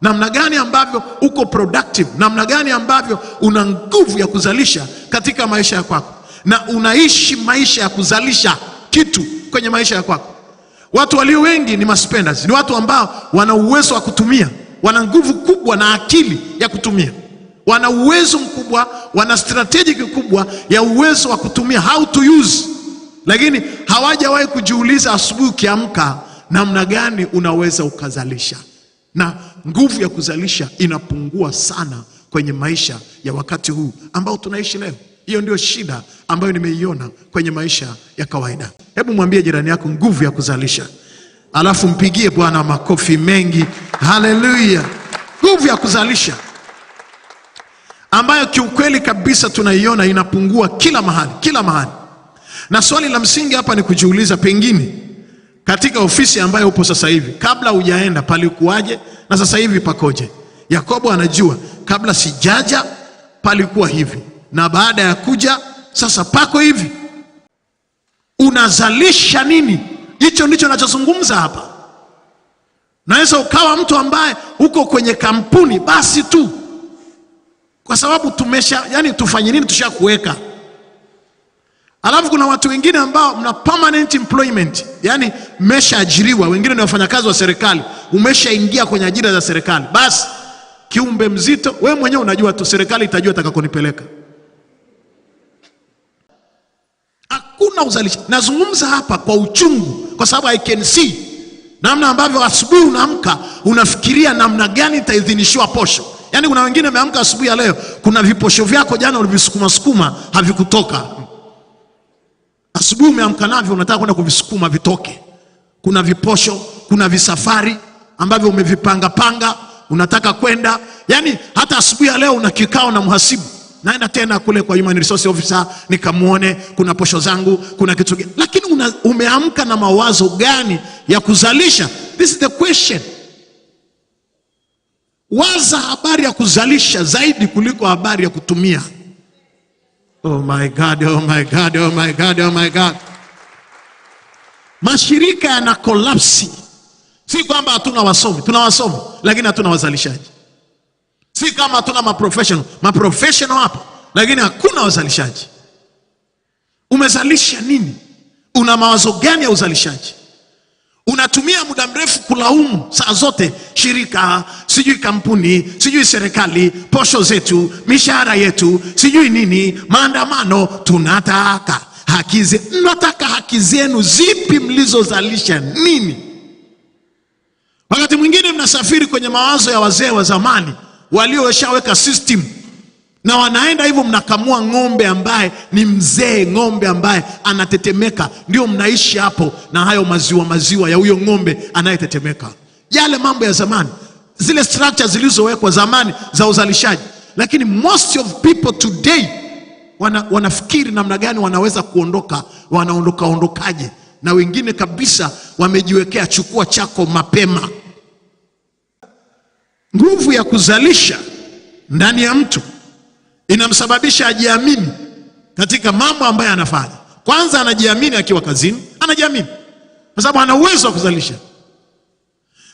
namna gani ambavyo uko productive, namna gani ambavyo una nguvu ya kuzalisha katika maisha ya kwako, na unaishi maisha ya kuzalisha kitu kwenye maisha ya kwako. Watu walio wengi ni maspenders, ni watu ambao wana uwezo wa kutumia, wana nguvu kubwa na akili ya kutumia, wana uwezo mkubwa, wana strategic kubwa ya uwezo wa kutumia, how to use, lakini hawajawahi kujiuliza asubuhi ukiamka, namna gani unaweza ukazalisha na nguvu ya kuzalisha inapungua sana kwenye maisha ya wakati huu ambao tunaishi leo. Hiyo ndio shida ambayo nimeiona kwenye maisha ya kawaida. Hebu mwambie jirani yako nguvu ya kuzalisha, alafu mpigie Bwana makofi mengi. Haleluya! Nguvu ya kuzalisha ambayo kiukweli kabisa tunaiona inapungua kila mahali, kila mahali, na swali la msingi hapa ni kujiuliza pengine katika ofisi ambayo upo sasa hivi, kabla hujaenda palikuwaje na sasa hivi pakoje? Yakobo anajua kabla sijaja palikuwa hivi na baada ya kuja sasa pako hivi. Unazalisha nini? Hicho ndicho nachozungumza hapa. Naweza ukawa mtu ambaye uko kwenye kampuni basi tu, kwa sababu tumesha, yani tufanye nini, tushakuweka Alafu kuna watu wengine ambao mna permanent employment, yani mmeshaajiriwa, wengine ni wafanyakazi wa serikali, umeshaingia kwenye ajira za serikali. Basi kiumbe mzito, we mwenyewe unajua tu, serikali itajua itakakonipeleka. Hakuna uzalishaji. Nazungumza hapa kwa uchungu, kwa sababu I can see namna ambavyo asubuhi unaamka unafikiria namna gani itaidhinishiwa posho. Yaani kuna wengine ameamka asubuhi ya leo, kuna viposho vyako jana ulivisukuma sukuma havikutoka, Asubuhi umeamka navyo, unataka kwenda kuvisukuma vitoke. Kuna viposho, kuna visafari ambavyo umevipanga panga, unataka kwenda. Yaani hata asubuhi ya leo una kikao na mhasibu, naenda tena kule kwa human resource officer nikamwone, kuna posho zangu, kuna kitu gani. Lakini una, umeamka na mawazo gani ya kuzalisha? This is the question. Waza habari ya kuzalisha zaidi kuliko habari ya kutumia. Oh my God, oh my God, oh my God, oh my God. Mashirika yana kolapsi, si kwamba hatuna wasomi, tuna wasomi lakini hatuna wazalishaji. Si kama hatuna maprofessional, maprofessional hapo, lakini hakuna wazalishaji. Umezalisha nini? Una mawazo gani ya uzalishaji? Unatumia muda mrefu kulaumu saa zote shirika, sijui kampuni, sijui serikali, posho zetu, mishahara yetu, sijui nini, maandamano. Tunataka haki zenu. Mnataka haki zenu zipi? Mlizozalisha nini? Wakati mwingine mnasafiri kwenye mawazo ya wazee wa zamani walioshaweka system na wanaenda hivyo, mnakamua ng'ombe ambaye ni mzee, ng'ombe ambaye anatetemeka, ndio mnaishi hapo na hayo maziwa maziwa ya huyo ng'ombe anayetetemeka, yale mambo ya zamani, zile structure zilizowekwa zamani za uzalishaji. Lakini most of people today wana, wanafikiri namna gani wanaweza kuondoka, wanaondoka ondokaje? Na wengine kabisa wamejiwekea chukua chako mapema. Nguvu ya kuzalisha ndani ya mtu inamsababisha ajiamini katika mambo ambayo anafanya. Kwanza anajiamini akiwa kazini, anajiamini kwa sababu ana uwezo wa kuzalisha,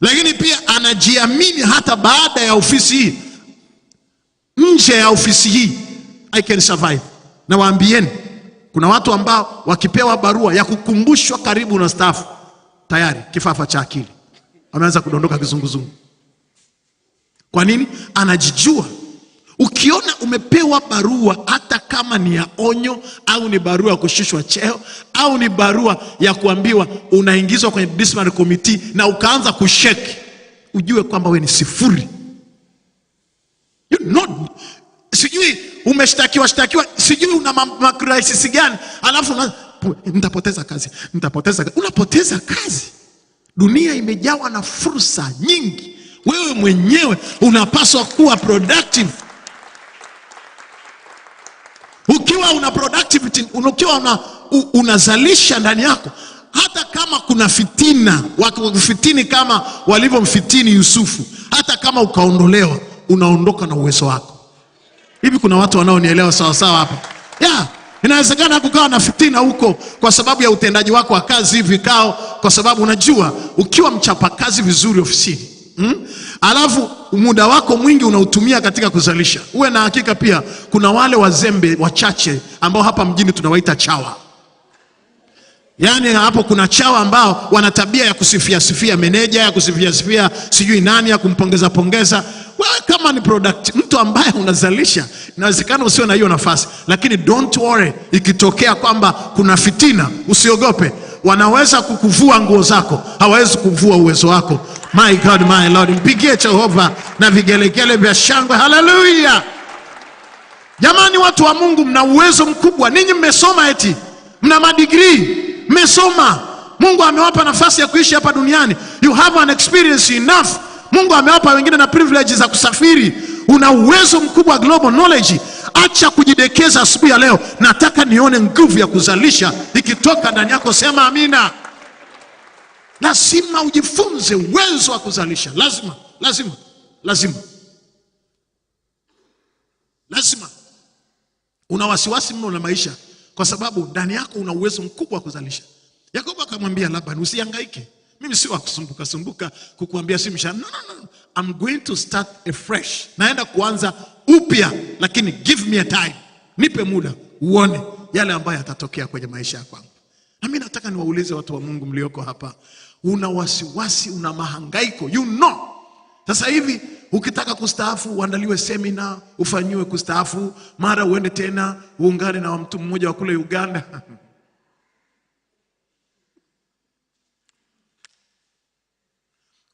lakini pia anajiamini hata baada ya ofisi hii, nje ya ofisi hii I can survive. Na waambieni kuna watu ambao wakipewa barua ya kukumbushwa karibu na staafu, tayari kifafa cha akili ameanza kudondoka kizunguzungu. Kwa nini? Anajijua. Ukiona umepewa barua hata kama ni ya onyo au ni barua ya kushushwa cheo au ni barua ya kuambiwa unaingizwa kwenye disciplinary committee na ukaanza kusheki, ujue kwamba we ni sifuri. You know, sijui umeshtakiwa shtakiwa, sijui una macrisis gani, alafu nitapoteza kazi, nitapoteza kazi. Unapoteza kazi. Dunia imejawa na fursa nyingi, wewe mwenyewe unapaswa kuwa productive. Ukiwa una productivity, ukiwa una, unazalisha ndani yako, hata kama kuna fitina, wakufitini kama walivyomfitini Yusufu, hata kama ukaondolewa, unaondoka na uwezo wako. Hivi kuna watu wanaonielewa sawasawa hapa yeah. Inawezekana kukawa na fitina huko kwa sababu ya utendaji wako wa kazi, vikao, kwa sababu unajua ukiwa mchapakazi vizuri ofisini Hmm? Alafu muda wako mwingi unautumia katika kuzalisha. Uwe na hakika pia kuna wale wazembe wachache ambao hapa mjini tunawaita chawa. Yaani hapo kuna chawa ambao wana tabia ya kusifia sifia meneja, ya kusifia sifia sijui nani, ya kumpongeza pongeza. Wewe kama ni product, mtu ambaye unazalisha, inawezekana usiwe na hiyo nafasi, lakini don't worry, ikitokea kwamba kuna fitina usiogope. Wanaweza kukuvua nguo zako, hawawezi kuvua uwezo wako. My God, my Lord, mpigie Jehova na vigelegele vya shangwe. Haleluya! Jamani, watu wa Mungu, mna uwezo mkubwa. Ninyi mmesoma, eti mna madigrii, mmesoma. Mungu amewapa nafasi ya kuishi hapa duniani, you have an experience enough. Mungu amewapa wengine na privilege za kusafiri. Una uwezo mkubwa, global knowledge acha kujidekeza asubuhi ya leo. Nataka nione nguvu ya kuzalisha ikitoka ndani yako, sema amina. Lazima ujifunze uwezo wa kuzalisha, lazima lazima lazima lazima. Una wasiwasi mno na maisha, kwa sababu ndani yako una uwezo mkubwa wa kuzalisha. Yakobo akamwambia Labani, usihangaike, mimi si wa kusumbuka sumbuka kukuambia si mshahara. No, no, no. I'm going to start afresh, naenda kuanza upya, lakini give me a time, nipe muda uone yale ambayo yatatokea kwenye maisha ya kwangu. Na mimi nataka niwaulize watu wa Mungu mlioko hapa, una wasiwasi, una mahangaiko, you know sasa hivi ukitaka kustaafu uandaliwe semina, ufanyiwe kustaafu, mara uende tena uungane na mtu mmoja wa kule Uganda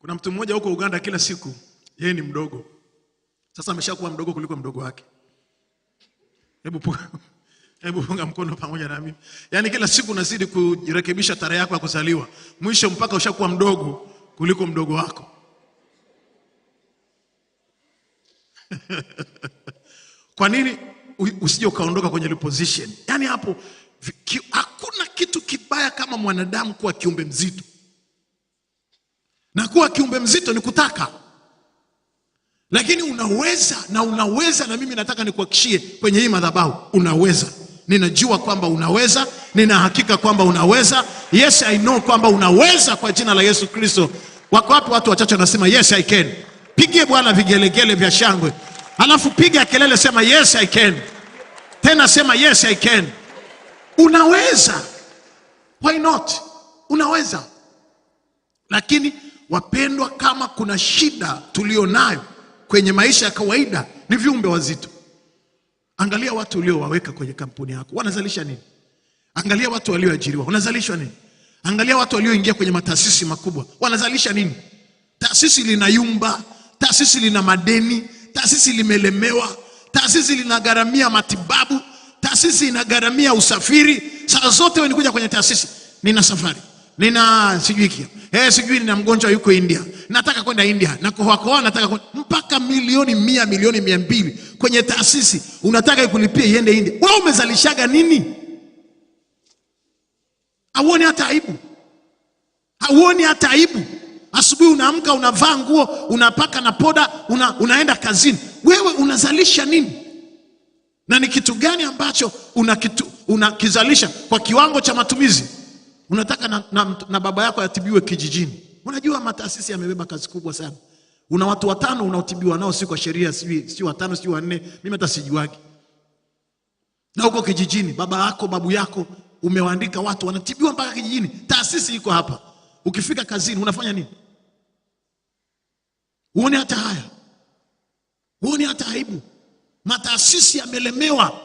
Kuna mtu mmoja huko Uganda kila siku, yeye ni mdogo sasa, ameshakuwa mdogo kuliko mdogo wake. Hebu punga, hebu funga mkono pamoja na mimi. Yaani kila siku unazidi kujirekebisha tarehe yako ya kuzaliwa, mwisho mpaka ushakuwa mdogo kuliko mdogo wako. Kwa nini usije ukaondoka kwenye position? Yaani hapo hakuna kitu kibaya kama mwanadamu kuwa kiumbe mzito na kuwa kiumbe mzito ni kutaka, lakini unaweza na unaweza. Na mimi nataka nikuhakishie kwenye hii madhabahu, unaweza. Ninajua kwamba unaweza, nina hakika kwamba unaweza. Yes, I know kwamba unaweza kwa jina la Yesu Kristo. Wako wapi watu wachache wanasema yes I can? pige Bwana vigelegele vya shangwe, alafu piga kelele, sema yes I can, tena sema yes I can. Unaweza, why not? Unaweza, lakini Wapendwa, kama kuna shida tulionayo kwenye maisha ya kawaida ni viumbe wazito. Angalia watu uliowaweka kwenye kampuni yako, wanazalisha nini? Angalia watu walioajiriwa, wanazalishwa nini? Angalia watu walioingia kwenye mataasisi makubwa, wanazalisha nini? Taasisi linayumba, taasisi lina madeni, taasisi limelemewa, taasisi linagharamia matibabu, taasisi inagharamia usafiri. Saa zote wewe kuja kwenye taasisi, nina safari nina sijui kia eh, sijui nina mgonjwa yuko India, nataka kwenda India na kohoa nataka kwenda mpaka milioni mia milioni mia mbili kwenye taasisi, unataka ikulipie iende India. Wewe umezalishaga nini? Hauoni hata aibu? Hauoni hata aibu? Asubuhi unaamka unavaa nguo unapaka na poda una, unaenda kazini. Wewe unazalisha nini na ni kitu gani ambacho unakizalisha una kwa kiwango cha matumizi? unataka na, na, na baba yako atibiwe kijijini. Unajua mataasisi yamebeba kazi kubwa sana. Una watu watano unaotibiwa nao, si kwa sheria, si watano, si wanne, mimi hata sijuagi. Na huko kijijini, baba yako babu yako umewaandika watu wanatibiwa mpaka kijijini. Taasisi iko hapa, ukifika kazini unafanya nini? Uone hata haya, uone hata aibu. Mataasisi yamelemewa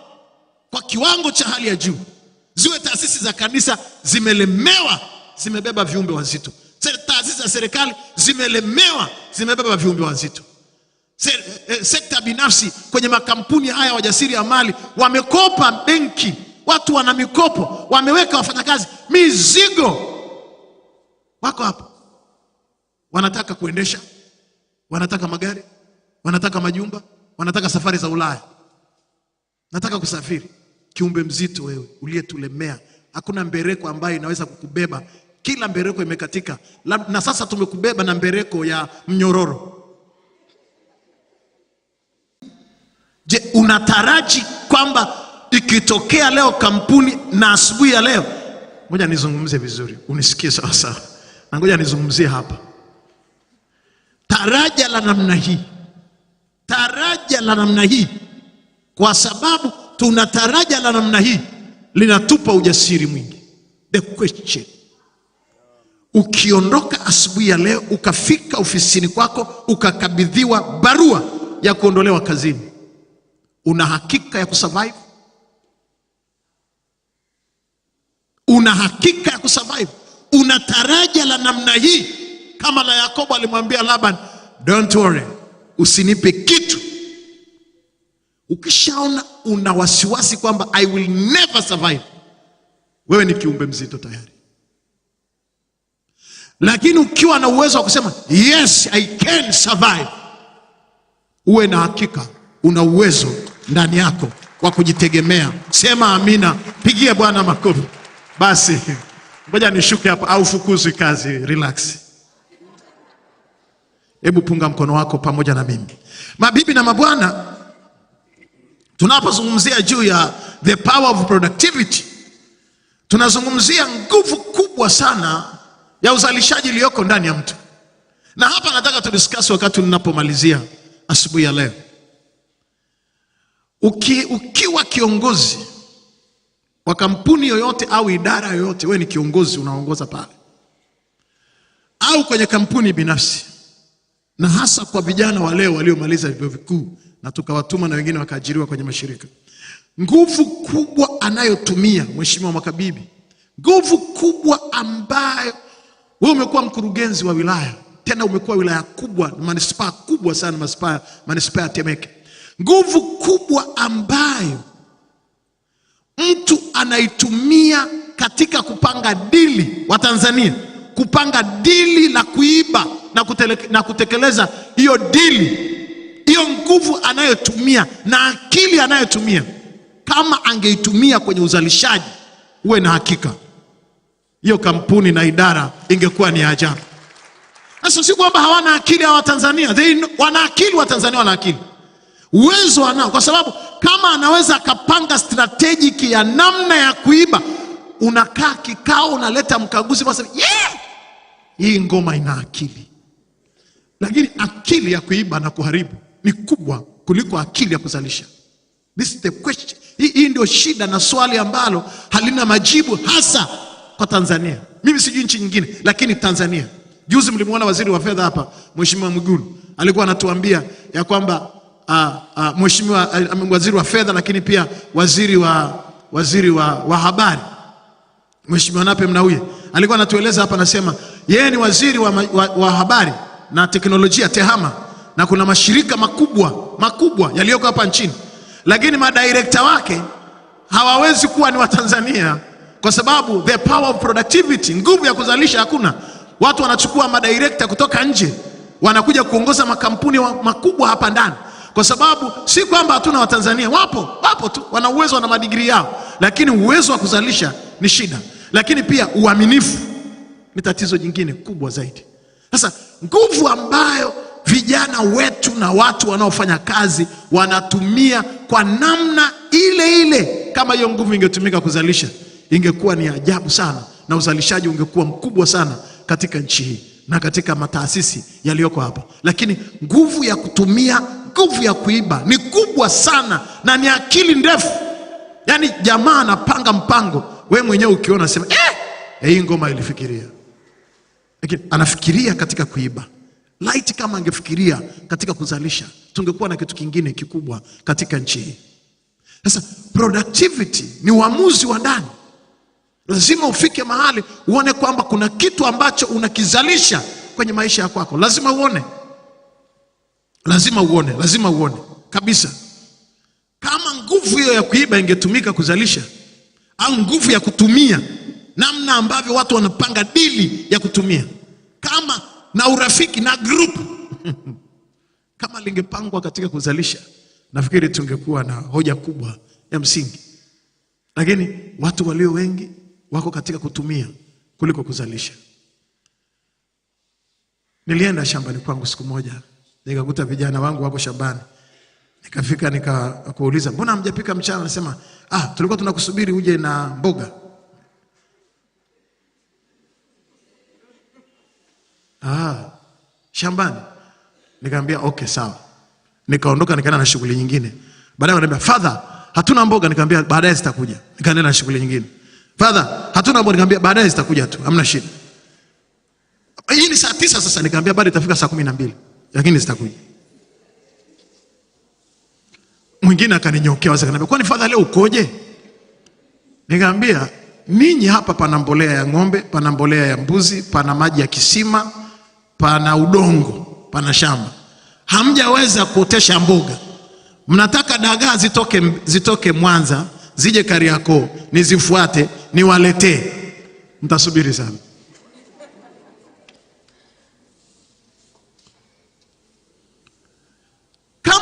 kwa kiwango cha hali ya juu ziwe taasisi za kanisa zimelemewa, zimebeba viumbe wazito. Taasisi za serikali zimelemewa, zimebeba viumbe wazito. Se, e, sekta binafsi kwenye makampuni haya wajasiri ya mali wamekopa benki, watu wana mikopo, wameweka wafanyakazi mizigo, wako hapo, wanataka kuendesha, wanataka magari, wanataka majumba, wanataka safari za Ulaya, nataka kusafiri kiumbe mzito wewe uliyetulemea, hakuna mbereko ambayo inaweza kukubeba. Kila mbereko imekatika, na sasa tumekubeba na mbereko ya mnyororo. Je, unataraji kwamba ikitokea leo kampuni na asubuhi ya leo, ngoja nizungumze vizuri, unisikie sawa sawa, na ngoja nizungumzie hapa taraja la namna hii, taraja la namna hii, kwa sababu tuna taraja la namna hii linatupa ujasiri mwingi. The question, ukiondoka asubuhi ya leo ukafika ofisini kwako ukakabidhiwa barua ya kuondolewa kazini, una hakika ya kusurvive? Una hakika ya kusurvive? Una taraja la namna hii kama la Yakobo alimwambia Laban, don't worry, usinipe kitu Ukishaona una wasiwasi kwamba I will never survive, wewe ni kiumbe mzito tayari. Lakini ukiwa na uwezo wa kusema yes I can survive, uwe na hakika una uwezo ndani yako wa kujitegemea. Sema amina, pigie Bwana makofi. Basi ngoja nishuke hapa, au fukuzi kazi, relax. Hebu punga mkono wako pamoja na mimi, mabibi na mabwana. Tunapozungumzia juu ya the power of productivity, tunazungumzia nguvu kubwa sana ya uzalishaji iliyoko ndani ya mtu, na hapa nataka tudiskasi wakati ninapomalizia asubuhi ya leo. Uki, ukiwa kiongozi wa kampuni yoyote au idara yoyote, we ni kiongozi unaongoza pale, au kwenye kampuni binafsi na hasa kwa vijana wa leo waliomaliza vyuo vikuu na tukawatuma na wengine wakaajiriwa kwenye mashirika. Nguvu kubwa anayotumia Mheshimiwa Makabibi, nguvu kubwa ambayo wewe umekuwa mkurugenzi wa wilaya, tena umekuwa wilaya kubwa na manispaa kubwa sana, manispaa manispaa ya Temeke, nguvu kubwa ambayo mtu anaitumia katika kupanga dili wa Tanzania kupanga dili la kuiba na, kutele, na kutekeleza hiyo dili, hiyo nguvu anayotumia na akili anayotumia, kama angeitumia kwenye uzalishaji, uwe na hakika hiyo kampuni na idara ingekuwa ni ajabu. Sasa si kwamba hawana akili hawa Tanzania, they wana akili wa Tanzania, wana akili, uwezo wanao, kwa sababu kama anaweza akapanga strategic ya namna ya kuiba unakaa kikao, unaleta mkaguzi unasema yeah! hii ngoma ina akili, lakini akili ya kuiba na kuharibu ni kubwa kuliko akili ya kuzalisha. This is the question. Hii ndio shida na swali ambalo halina majibu hasa kwa Tanzania. Mimi sijui nchi nyingine, lakini Tanzania, juzi mlimwona waziri wa fedha hapa, Mheshimiwa Mwigulu alikuwa anatuambia ya kwamba ah, ah, mheshimiwa ah, waziri wa fedha, lakini pia waziri wa, waziri wa, wa habari Mheshimiwa Nape Mnauye alikuwa anatueleza hapa, anasema yeye ni waziri wa, wa, wa habari na teknolojia TEHAMA, na kuna mashirika makubwa makubwa yaliyoko hapa nchini, lakini madirekta wake hawawezi kuwa ni Watanzania kwa sababu the power of productivity, nguvu ya kuzalisha hakuna. Watu wanachukua madirekta kutoka nje wanakuja kuongoza makampuni makubwa hapa ndani kwa sababu si kwamba hatuna Watanzania, wapo wapo tu, wana uwezo, wana madigrii yao, lakini uwezo wa kuzalisha ni shida. Lakini pia uaminifu ni tatizo jingine kubwa zaidi. Sasa nguvu ambayo vijana wetu na watu wanaofanya kazi wanatumia kwa namna ile ile, kama hiyo nguvu ingetumika kuzalisha, ingekuwa ni ajabu sana, na uzalishaji ungekuwa mkubwa sana katika nchi hii na katika mataasisi yaliyoko hapa, lakini nguvu ya kutumia nguvu ya kuiba ni kubwa sana, na ni akili ndefu. Yaani jamaa anapanga mpango, we mwenyewe ukiona sema eh! eh, hii ngoma ilifikiria, lakini anafikiria katika kuiba. Laiti kama angefikiria katika kuzalisha, tungekuwa na kitu kingine kikubwa katika nchi hii. Sasa productivity ni uamuzi wa ndani. Lazima ufike mahali uone kwamba kuna kitu ambacho unakizalisha kwenye maisha ya kwako, lazima uone Lazima uone, lazima uone kabisa. Kama nguvu hiyo ya kuiba ingetumika kuzalisha, au nguvu ya kutumia, namna ambavyo watu wanapanga dili ya kutumia kama na urafiki na group kama lingepangwa katika kuzalisha, nafikiri tungekuwa na hoja kubwa ya msingi, lakini watu walio wengi wako katika kutumia kuliko kuzalisha. Nilienda shambani kwangu siku moja nikakuta vijana wangu wako shambani. Nikafika nikakuuliza, mbona mjapika mchana? nasema ah, tulikuwa tunakusubiri uje na mboga. Ah, shambani. Nikamwambia okay, sawa. Nikaondoka nikaenda na shughuli nyingine. Baadaye ananiambia father, hatuna mboga. Nikamwambia baadaye zitakuja. Nikaenda na shughuli nyingine. Father, hatuna mboga. Nikamwambia baadaye zitakuja tu, hamna shida. Hii ni saa tisa sasa, nikamwambia bado itafika saa kumi na mbili lakini zitakuja. Mwingine akaninyokea wazi akaniambia, kwani fadha leo ukoje? Nikamwambia, ninyi hapa pana mbolea ya ng'ombe, pana mbolea ya mbuzi, pana maji ya kisima, pana udongo, pana shamba. Hamjaweza kuotesha mboga, mnataka dagaa zitoke, zitoke Mwanza zije Kariakoo nizifuate niwaletee, mtasubiri sana.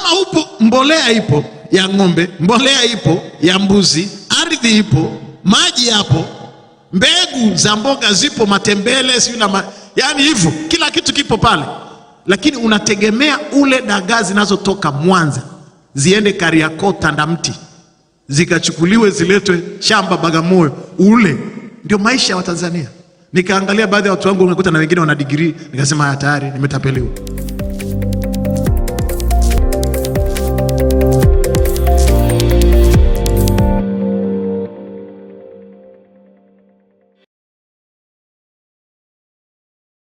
kama upo, mbolea ipo ya ng'ombe, mbolea ipo ya mbuzi, ardhi ipo, maji yapo, mbegu za mboga zipo, matembele siyo na ma... yani hivyo kila kitu kipo pale, lakini unategemea ule dagaa zinazotoka Mwanza ziende Kariakoo, Tandamti, zikachukuliwe ziletwe shamba Bagamoyo ule. Ndio maisha ya Watanzania. Nikaangalia baadhi ya watu wangu, unakuta na wengine wana digrii, nikasema haya, tayari nimetapeliwa.